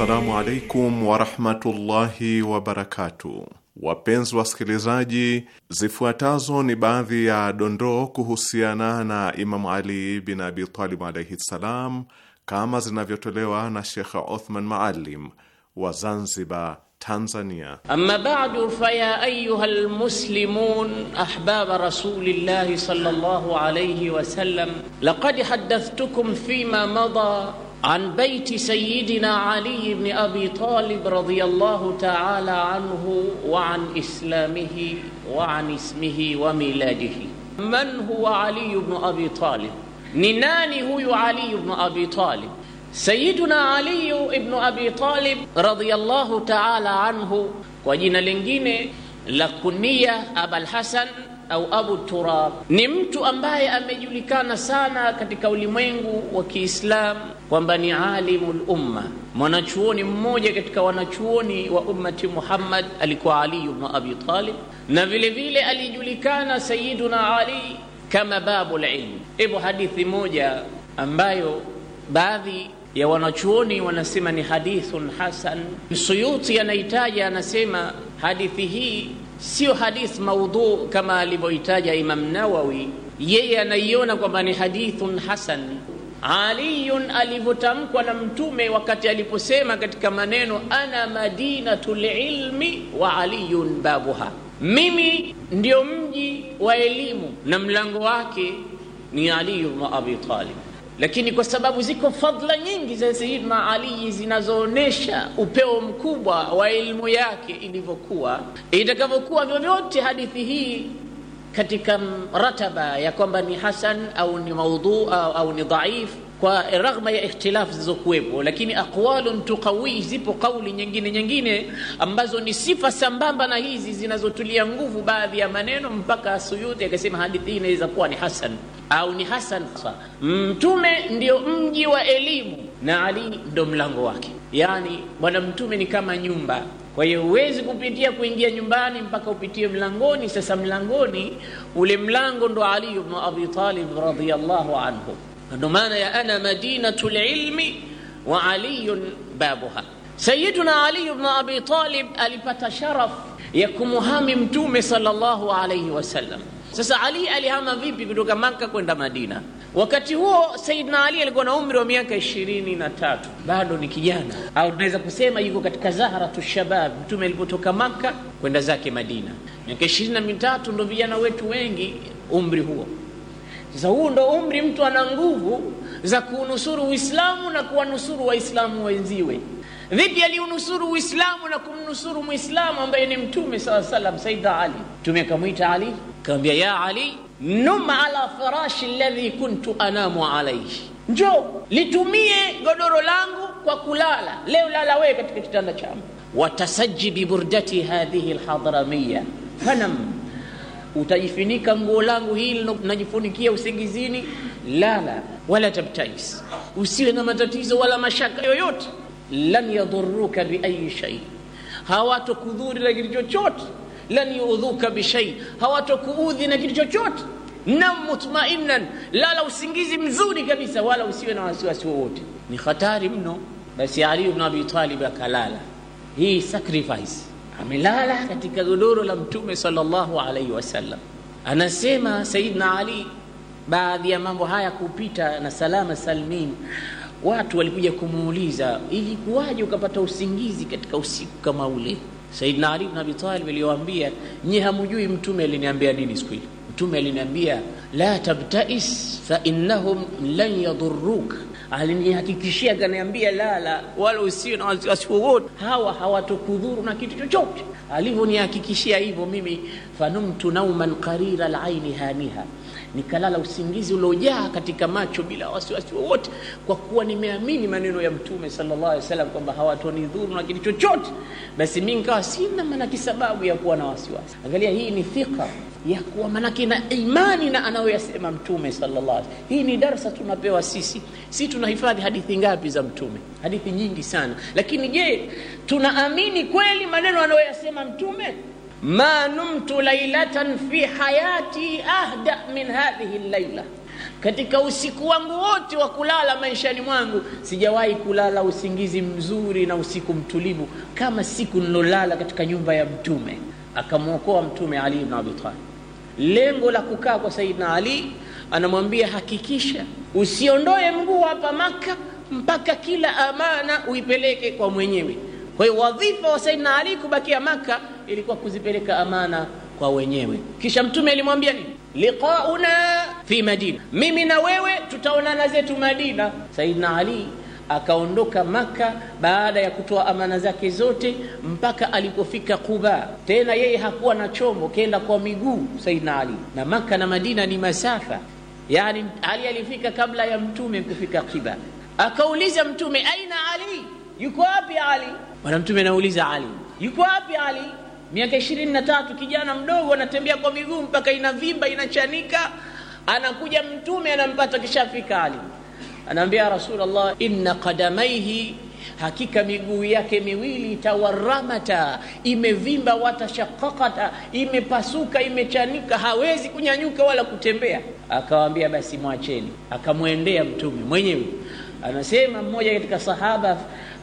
Assalamu alaikum warahmatu llahi wabarakatu. Wapenzi wasikilizaji, zifuatazo ni baadhi ya dondoo kuhusiana na Imamu Ali bin Abi Talib alaihi ssalam, kama zinavyotolewa na Shekh Othman Maalim wa Zanzibar, Tanzania. Amma ba'du faya ayuha lmuslimun ahbaba rasulillahi sallallahu alayhi wasallam, lakad hadathtukum fima madha عن بيت سيدنا علي بن أبي طالب رضي الله تعالى عنه وعن إسلامه وعن اسمه وميلاده من هو علي بن أبي طالب؟ نناني هو علي بن أبي طالب سيدنا علي بن أبي طالب رضي الله تعالى عنه وجنا لنجيني لكنية أبا الحسن au Abu Turab ni mtu ambaye amejulikana sana katika ulimwengu wa Kiislamu kwamba ni alimul umma, mwanachuoni mmoja katika wanachuoni wa ummati Muhammad alikuwa Ali ibn Abi Talib, na vile vile alijulikana Sayyiduna Ali kama babul ilm. Ipo hadithi moja ambayo baadhi ya wanachuoni wanasema ni hadithun hasan. Suyuti anahitaji anasema hadithi hii sio hadith maudhu kama alivyoitaja Imam Nawawi. Yeye anaiona kwamba ni hadithun hasan. Aliyun alivyotamkwa na Mtume wakati aliposema katika maneno ana madinatul ilmi wa aliyun babuha, mimi ndio mji wa elimu na mlango wake ni Ali ibn Abi Talib lakini kwa sababu ziko fadhila nyingi za Sayyidina Ali zinazoonyesha upeo mkubwa wa elimu yake ilivyokuwa, itakavyokuwa vyovyote hadithi hii katika rataba ya kwamba ni hasan au ni maudhu au, au ni dhaifu kwa raghma ya ikhtilafu zilizokuwepo, lakini aqwalun tuqawi, zipo kauli nyingine nyingine ambazo ni sifa sambamba na hizi zinazotulia nguvu baadhi ya maneno, mpaka Suyuti akasema hadithi hii inaweza kuwa ni hasan au ni hasan. Mtume ndio mji wa elimu na Ali ndo mlango wake, yani bwana mtume ni kama nyumba kwa hiyo huwezi kupitia kuingia nyumbani mpaka upitie mlangoni. Sasa mlangoni ule mlango ndo Ali ibn Abi Talib radhiyallahu anhu ndo maana ya ana madinatul ilmi wa aliyun babuha. Sayyiduna Ali ibn Abi Talib alipata sharaf ya kumuhami Mtume sallallahu alayhi wasallam. Sasa Ali alihama vipi kutoka Maka kwenda Madina? Wakati huo Sayyidina Ali alikuwa na umri wa miaka ishirini na tatu, bado ni kijana au tunaweza kusema yuko katika zahratu shabab. Mtume alipotoka Maka kwenda zake Madina, miaka ishirini na mitatu, ndo vijana wetu wengi umri huo sasa huu ndo umri mtu ana nguvu za kuunusuru uislamu na kuwanusuru waislamu wenziwe vipi aliunusuru uislamu na kumnusuru mwislamu ambaye ni mtume saa salam saida ali mtume akamwita ali akamwambia ya ali num ala firashi ladhi kuntu anamu alaihi njo litumie godoro langu kwa kulala leo lala wewe katika kitanda changu watasaji biburdati hadhihi lhadramia fanam utajifinika nguo langu hili najifunikia usingizini, lala wala tabtais, usiwe na matatizo wala mashaka yoyote. Lan yadhuruka biayi shai, hawatokudhuri na kitu chochote. Lan yuudhuka bishai, hawatokuudhi na kitu chochote. Nam mutmainan, lala usingizi mzuri kabisa, wala usiwe na wasiwasi wowote. Ni hatari mno. Basi Ali ibn Abi Talib akalala. Hii sacrifice amelala katika godoro la Mtume sallallahu alaihi wasallam. Anasema Saidna Ali, baadhi ya mambo haya kupita na salama salmin, watu walikuja kumuuliza ilikuwaje ukapata usingizi katika usiku kama ule? Saidna Ali bin Abi Talib aliwaambia, nyie hamjui Mtume aliniambia nini siku ile. Mtume aliniambia la tabtais fa innahum lan yadhurruka alinihakikishia, kaniambia lala wala usio na wasiwasi wowote, hawa hawatokudhuru na kitu chochote. Alivyonihakikishia hivyo, mimi fanumtu nauman qarira alaini haniha nikalala usingizi uliojaa katika macho bila wasiwasi wowote, kwa kuwa nimeamini maneno ya Mtume sallallahu alaihi wasallam kwamba hawatonidhuru na kitu chochote, basi mimi nikawa sina maanake sababu ya kuwa na wasiwasi. Angalia, hii ni fika ya kuwa manake na imani na anayoyasema Mtume sallallahu alaihi wasallam. Hii ni darsa tunapewa sisi. Si tunahifadhi hadithi ngapi za Mtume? Hadithi nyingi sana, lakini je, tunaamini kweli maneno anayoyasema Mtume? ma numtu lailatan fi hayati ahda min hadhihi llaila, katika usiku wangu wote wa kulala maishani mwangu sijawahi kulala usingizi mzuri na usiku mtulivu kama siku nilolala katika nyumba ya Mtume, akamwokoa Mtume Ali ibn Abi Talib. Lengo la kukaa kwa Saidina Ali, anamwambia hakikisha usiondoe mguu hapa Maka mpaka kila amana uipeleke kwa mwenyewe. Kwa hiyo wadhifa wa Saidina Ali kubakia Maka ilikuwa kuzipeleka amana kwa wenyewe. Kisha mtume alimwambia nini? liqauna fi Madina, mimi na wewe tutaonana zetu Madina. Saidina Ali akaondoka Maka baada ya kutoa amana zake zote mpaka alipofika Quba. Tena yeye hakuwa na chombo, kenda kwa miguu Saidina Ali, na Maka na Madina ni masafa. Yani Ali alifika kabla ya mtume kufika Quba. Akauliza mtume, aina Ali, yuko wapi Ali? Bwana mtume anauliza Ali, yuko wapi Ali? miaka ishirini na tatu kijana mdogo anatembea kwa miguu mpaka inavimba inachanika anakuja mtume anampata kishafika ali anaambia rasulllah inna qadamaihi hakika miguu yake miwili tawaramata imevimba watashakakata imepasuka imechanika hawezi kunyanyuka wala kutembea akawaambia basi mwacheni akamwendea mtume mwenyewe anasema mmoja katika sahaba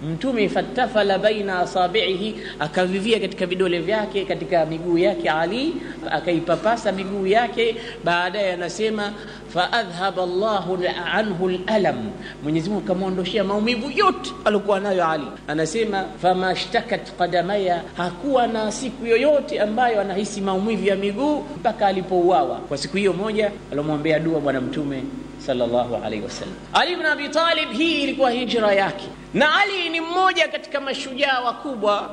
Mtume fatafala baina asabihi, akavivia katika vidole vyake katika miguu yake Ali, akaipapasa miguu yake. Baadaye anasema faadhhaba llahu anhu alalam, Mwenyezi Mungu akamwondoshea maumivu yote aliokuwa nayo Ali. Anasema famashtakat qadamaya, hakuwa na siku yoyote ambayo anahisi maumivu ya miguu mpaka alipouawa kwa siku hiyo moja alomwombea dua Bwana Mtume sallallahu alaihi wasallam. Ali ibn Abi Talib, hii ilikuwa hijra yake, na Ali ni mmoja katika mashujaa wakubwa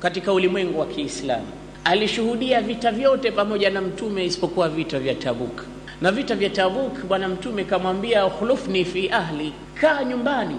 katika ulimwengu wa Kiislamu. Alishuhudia vita vyote pamoja na Mtume isipokuwa vita vya Tabuk, na vita vya Tabuk bwana Mtume kamwambia khulufni fi ahli, kaa nyumbani,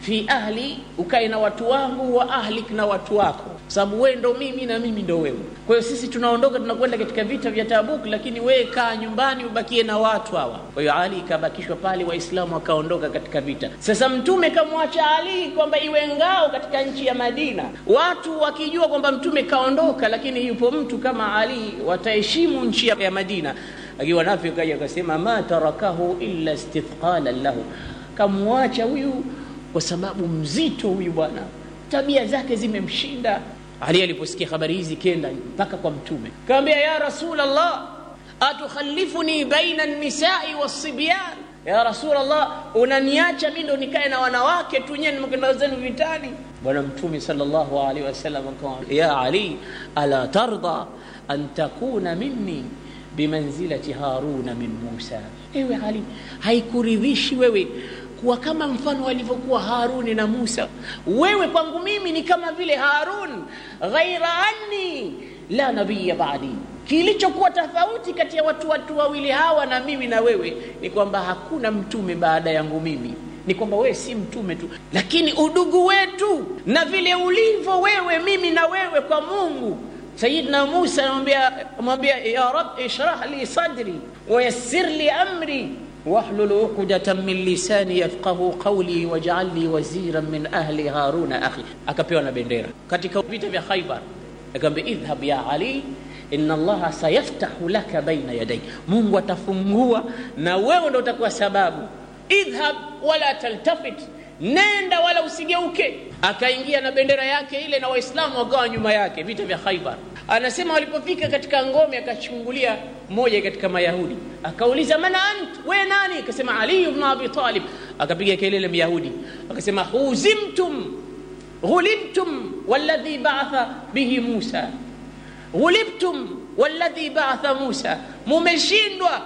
fi ahli, ukae na watu wangu, wa ahlik, na watu wako sababu wewe ndo mimi na mimi ndo wewe. Kwa hiyo sisi tunaondoka tunakwenda katika vita vya Tabuk, lakini wewe kaa nyumbani ubakie na watu hawa. Kwa hiyo Ali ikabakishwa pale, Waislamu wakaondoka katika vita. Sasa Mtume kamwacha Ali kwamba iwe ngao katika nchi ya Madina, watu wakijua kwamba Mtume kaondoka, lakini yupo mtu kama Ali wataheshimu nchi ya Madina. Lakini wanafiki kaja akasema, ma tarakahu illa istithqalan lahu, kamwacha huyu kwa sababu mzito huyu bwana, tabia zake zimemshinda. Ali aliposikia habari hizi kenda mpaka kwa Mtume, kaambia ya Rasulallah, atukhalifuni baina nisai wasibyan, ya Rasulallah, unaniacha mi ndo nikae na wanawake tu, nyewe nimekwenda zenu vitani. Bwana Mtume sallallahu alaihi wasallam akamwambia, ya Ali, ala tarda an takuna minni bimanzilati Haruna min Musa, ewe Ali, haikuridhishi wewe kuwa kama mfano walivyokuwa Haruni na Musa. Wewe kwangu mimi ni kama vile Harun, ghaira anni la nabiyya baadi Kilichokuwa tofauti kati ya watu watu wawili hawa na mimi na wewe ni kwamba hakuna mtume baada yangu mimi ni kwamba wewe si mtume tu, lakini udugu wetu na vile ulivyo wewe mimi na wewe kwa Mungu. Sayyidina Musa anamwambia ya Rab, ishrah li sadri wa yassir li amri wahlul uqdatan min lisani yafqahu qawli waj'al li waziran min ahli haruna akhi, akapewa na bendera katika vita vya Khaibar. Akamwambia idhhab ya Ali, inna Allaha sayaftahu laka baina yaday, Mungu atafungua na wewe ndio utakuwa sababu. Idhhab wala taltafit nenda wala usigeuke. Akaingia na bendera yake ile na Waislamu wakawa nyuma yake, vita vya Khaibar. Anasema walipofika katika ngome, akachungulia mmoja katika Mayahudi, akauliza man ant, we nani? Akasema Ali ibn Abi Talib. Akapiga kelele Myahudi, akasema huzimtum ghulibtum walladhi ba'atha bihi Musa, ghulibtum walladhi ba'atha Musa, mumeshindwa,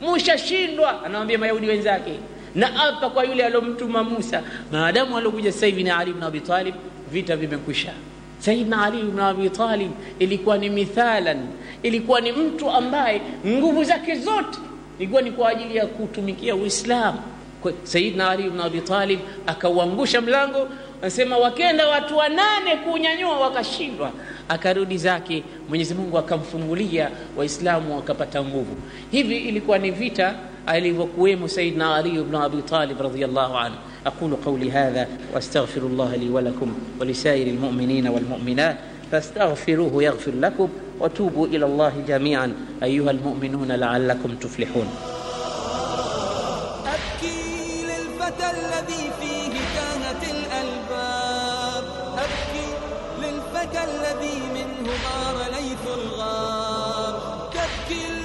mushashindwa, anawambia Mayahudi wenzake na apa kwa yule alomtuma Musa, maadamu aliokuja sasa hivi ni Ali ibn Abi Talib, vita vimekwisha. Sayyidina Ali ibn Abi Talib ilikuwa ni mithalan, ilikuwa ni mtu ambaye nguvu zake zote ilikuwa ni kwa ajili ya kutumikia Uislamu. Sayyidina Ali ibn Abi Talib akauangusha mlango, anasema wakenda watu wanane kunyanyua wakashindwa, akarudi zake, Mwenyezi Mungu akamfungulia Waislamu wakapata nguvu. Hivi ilikuwa ni vita وكويم سيدنا علي بن أبي طالب رضي الله عنه أقول قولي هذا وأستغفر الله لي ولكم ولسائر المؤمنين والمؤمنات فاستغفروه يغفر لكم وتوبوا إلى الله جميعا أيها المؤمنون لعلكم تفلحون أبكي للفتى الذي فيه كانت الألباب أبكي للفتى الذي منه غار ليث الغار تبكي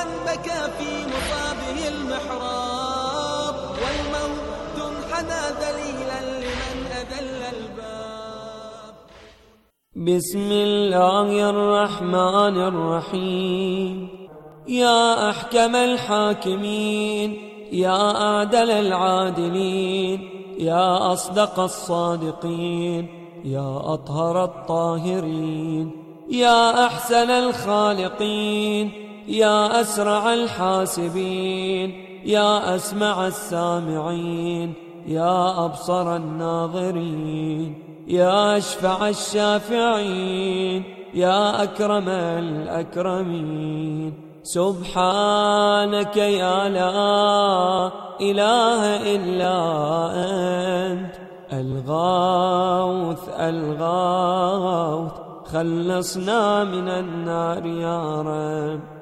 من بكى في مصابه المحراب والموت انحنى ذليلا لمن أذل الباب بسم الله الرحمن الرحيم يا أحكم الحاكمين يا أعدل العادلين يا أصدق الصادقين يا أطهر الطاهرين يا أحسن الخالقين يا أسرع الحاسبين يا أسمع السامعين يا أبصر الناظرين يا أشفع الشافعين يا أكرم الأكرمين سبحانك يا لا إله إلا أنت الغاوث الغاوث خلصنا من النار يا رب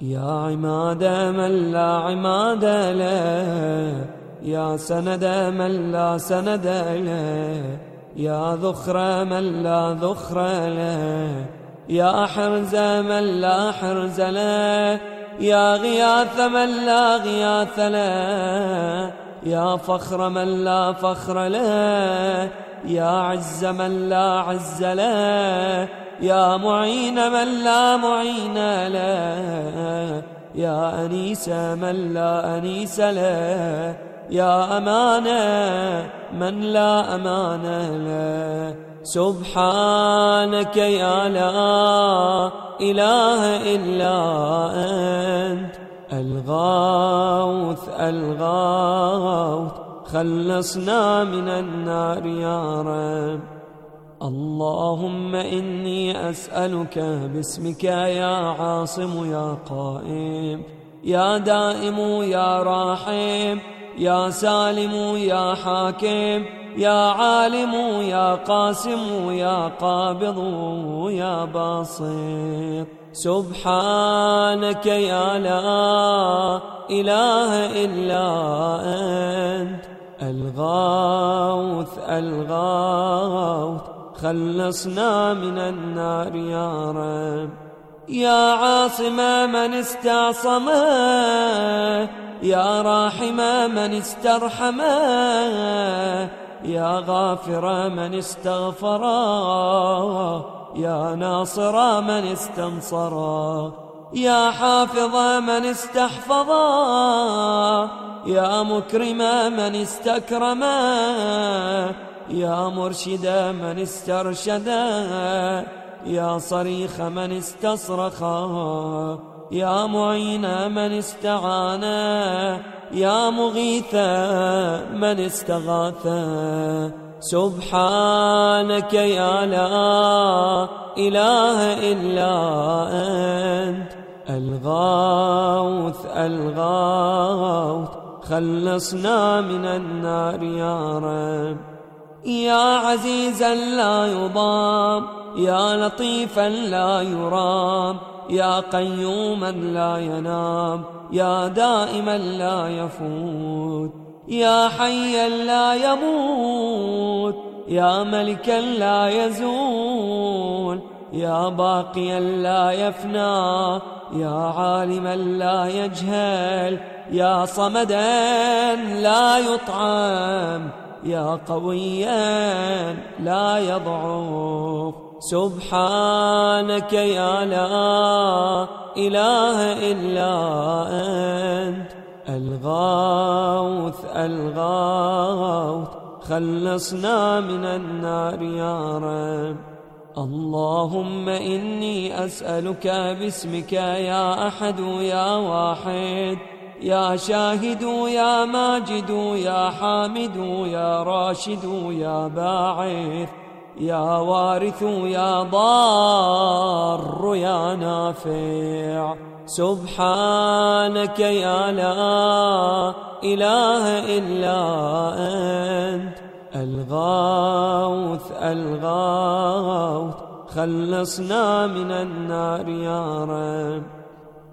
يا عماد من لا عماد له يا سند من لا سند له يا ذخر من لا ذخر له يا حرز من لا حرز له يا غياث من لا غياث له يا فخر من لا فخر له يا عز من لا عز له يا معين من لا معين له يا أنيس من لا أنيس له يا أمانة من لا أمانة له سبحانك يا لا إله إلا أنت الغاوث الغاوث خلصنا من النار يا رب اللهم إني أسألك باسمك يا عاصم يا قائم يا دائم يا راحم يا سالم يا حاكم يا عالم يا قاسم يا قابض يا باسط سبحانك يا لا إله إلا أنت الغاوث الغاوث خلصنا من النار يا رب يا عاصم من استعصم يا راحم من استرحم يا غافر من استغفر يا ناصر من استنصر يا حافظ من استحفظ يا مكرم من استكرم يا مرشد من استرشدا يا صريخ من استصرخا يا معين من استعانا يا مغيث من استغاثا سبحانك يا لا إله إلا أنت الغوث الغوث خلصنا من النار يا رب يا عزيزا لا يضام يا لطيفا لا يرام يا قيوما لا ينام يا دائما لا يفوت يا حيا لا يموت يا ملكا لا يزول يا باقيا لا يفنى يا عالما لا يجهل يا صمدا لا يطعم يا قويا لا يضعف سبحانك يا لا إله إلا أنت الغوث الغوث خلصنا من النار يا رب اللهم إني أسألك باسمك يا أحد يا واحد يا شاهد يا ماجد يا حامد يا راشد يا باعث يا وارث يا ضار يا نافع سبحانك يا لا إله إلا أنت الغوث الغوث خلصنا من النار يا رب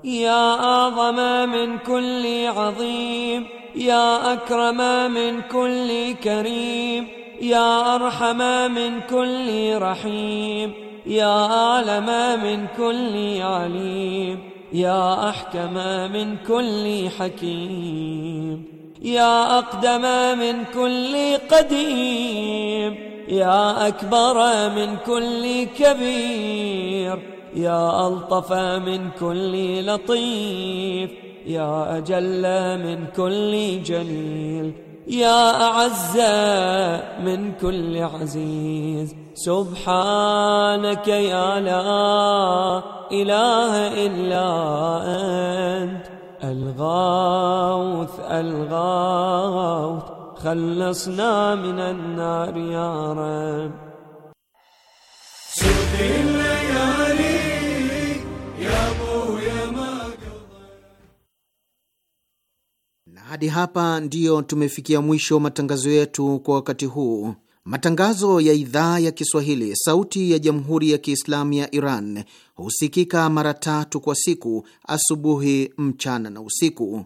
يا أعظم من كل عظيم يا أكرم من كل كريم يا أرحم من كل رحيم يا أعلم من كل عليم يا أحكم من كل حكيم يا أقدم من كل قديم يا أكبر من كل كبير يا ألطف من كل لطيف يا أجل من كل جليل يا أعز من كل عزيز سبحانك يا لا إله إلا أنت الغوث الغوث خلصنا من النار يا رب Na hadi hapa ndiyo tumefikia mwisho matangazo yetu kwa wakati huu. Matangazo ya idhaa ya Kiswahili sauti ya jamhuri ya Kiislamu ya Iran husikika mara tatu kwa siku: asubuhi, mchana na usiku.